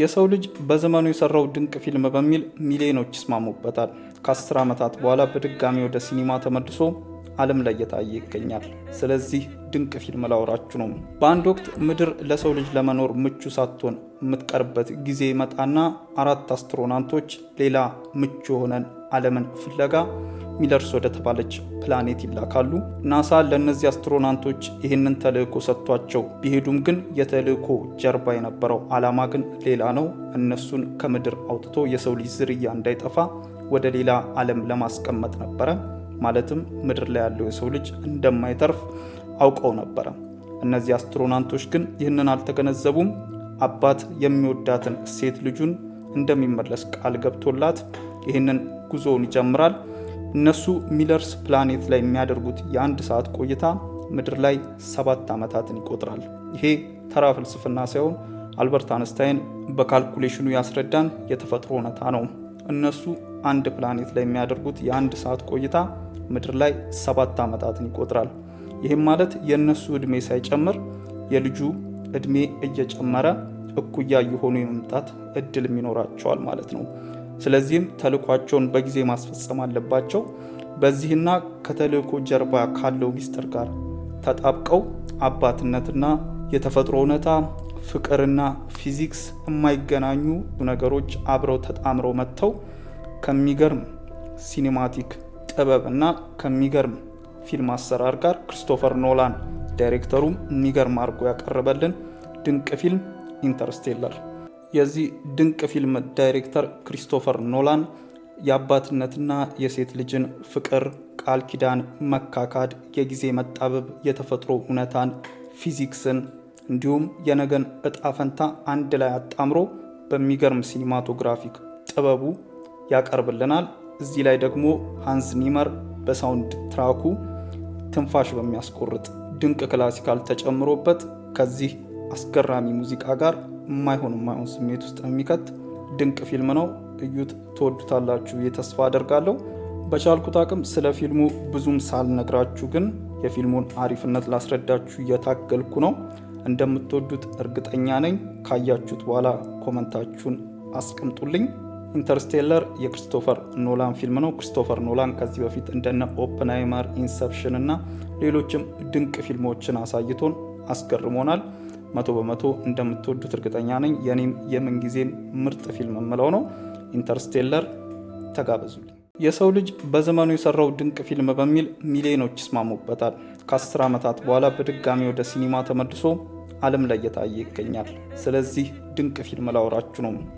የሰው ልጅ በዘመኑ የሰራው ድንቅ ፊልም በሚል ሚሊዮኖች ይስማሙበታል። ከአስር ዓመታት በኋላ በድጋሚ ወደ ሲኒማ ተመልሶ ዓለም ላይ እየታየ ይገኛል። ስለዚህ ድንቅ ፊልም ላውራችሁ ነው። በአንድ ወቅት ምድር ለሰው ልጅ ለመኖር ምቹ ሳትሆን የምትቀርበት ጊዜ ይመጣና አራት አስትሮናውቶች ሌላ ምቹ የሆነን ዓለምን ፍለጋ ሚለርስ ወደ ተባለች ፕላኔት ይላካሉ። ናሳ ለእነዚህ አስትሮናውቶች ይህንን ተልእኮ ሰጥቷቸው ቢሄዱም ግን የተልእኮ ጀርባ የነበረው ዓላማ ግን ሌላ ነው። እነሱን ከምድር አውጥቶ የሰው ልጅ ዝርያ እንዳይጠፋ ወደ ሌላ ዓለም ለማስቀመጥ ነበረ። ማለትም ምድር ላይ ያለው የሰው ልጅ እንደማይተርፍ አውቀው ነበረ። እነዚህ አስትሮናንቶች ግን ይህንን አልተገነዘቡም። አባት የሚወዳትን ሴት ልጁን እንደሚመለስ ቃል ገብቶላት ይህንን ጉዞውን ይጀምራል። እነሱ ሚለርስ ፕላኔት ላይ የሚያደርጉት የአንድ ሰዓት ቆይታ ምድር ላይ ሰባት ዓመታትን ይቆጥራል። ይሄ ተራ ፍልስፍና ሳይሆን አልበርት አንስታይን በካልኩሌሽኑ ያስረዳን የተፈጥሮ እውነታ ነው። እነሱ አንድ ፕላኔት ላይ የሚያደርጉት የአንድ ሰዓት ቆይታ ምድር ላይ ሰባት ዓመታትን ይቆጥራል። ይህም ማለት የእነሱ ዕድሜ ሳይጨምር የልጁ ዕድሜ እየጨመረ እኩያ የሆኑ የመምጣት እድልም ይኖራቸዋል ማለት ነው። ስለዚህም ተልኳቸውን በጊዜ ማስፈጸም አለባቸው። በዚህና ከተልእኮ ጀርባ ካለው ሚስጥር ጋር ተጣብቀው አባትነትና የተፈጥሮ እውነታ፣ ፍቅርና ፊዚክስ የማይገናኙ ነገሮች አብረው ተጣምረው መጥተው ከሚገርም ሲኒማቲክ ጥበብ እና ከሚገርም ፊልም አሰራር ጋር ክሪስቶፈር ኖላን ዳይሬክተሩም የሚገርም አድርጎ ያቀረበልን ድንቅ ፊልም ኢንተርስቴለር የዚህ ድንቅ ፊልም ዳይሬክተር ክሪስቶፈር ኖላን የአባትነትና የሴት ልጅን ፍቅር፣ ቃል ኪዳን፣ መካካድ፣ የጊዜ መጣበብ፣ የተፈጥሮ እውነታን፣ ፊዚክስን እንዲሁም የነገን እጣ ፈንታ አንድ ላይ አጣምሮ በሚገርም ሲኒማቶግራፊክ ጥበቡ ያቀርብልናል። እዚህ ላይ ደግሞ ሃንስ ዚመር በሳውንድ ትራኩ ትንፋሽ በሚያስቆርጥ ድንቅ ክላሲካል ተጨምሮበት ከዚህ አስገራሚ ሙዚቃ ጋር የማይሆን የማይሆን ስሜት ውስጥ የሚከት ድንቅ ፊልም ነው። እዩት፣ ትወዱታላችሁ የተስፋ አደርጋለሁ። በቻልኩት አቅም ስለ ፊልሙ ብዙም ሳልነግራችሁ ግን የፊልሙን አሪፍነት ላስረዳችሁ እየታገልኩ ነው። እንደምትወዱት እርግጠኛ ነኝ። ካያችሁት በኋላ ኮመንታችሁን አስቀምጡልኝ። ኢንተርስቴለር የክሪስቶፈር ኖላን ፊልም ነው። ክሪስቶፈር ኖላን ከዚህ በፊት እንደነ ኦፕንሃይመር፣ ኢንሰፕሽን እና ሌሎችም ድንቅ ፊልሞችን አሳይቶን አስገርሞናል። መቶ በመቶ እንደምትወዱት እርግጠኛ ነኝ። የኔም የምንጊዜም ምርጥ ፊልም የምለው ነው ኢንተርስቴለር። ተጋበዙልኝ። የሰው ልጅ በዘመኑ የሰራው ድንቅ ፊልም በሚል ሚሊዮኖች ይስማሙበታል። ከአስር ዓመታት በኋላ በድጋሚ ወደ ሲኒማ ተመልሶ ዓለም ላይ እየታየ ይገኛል። ስለዚህ ድንቅ ፊልም ላውራችሁ ነው።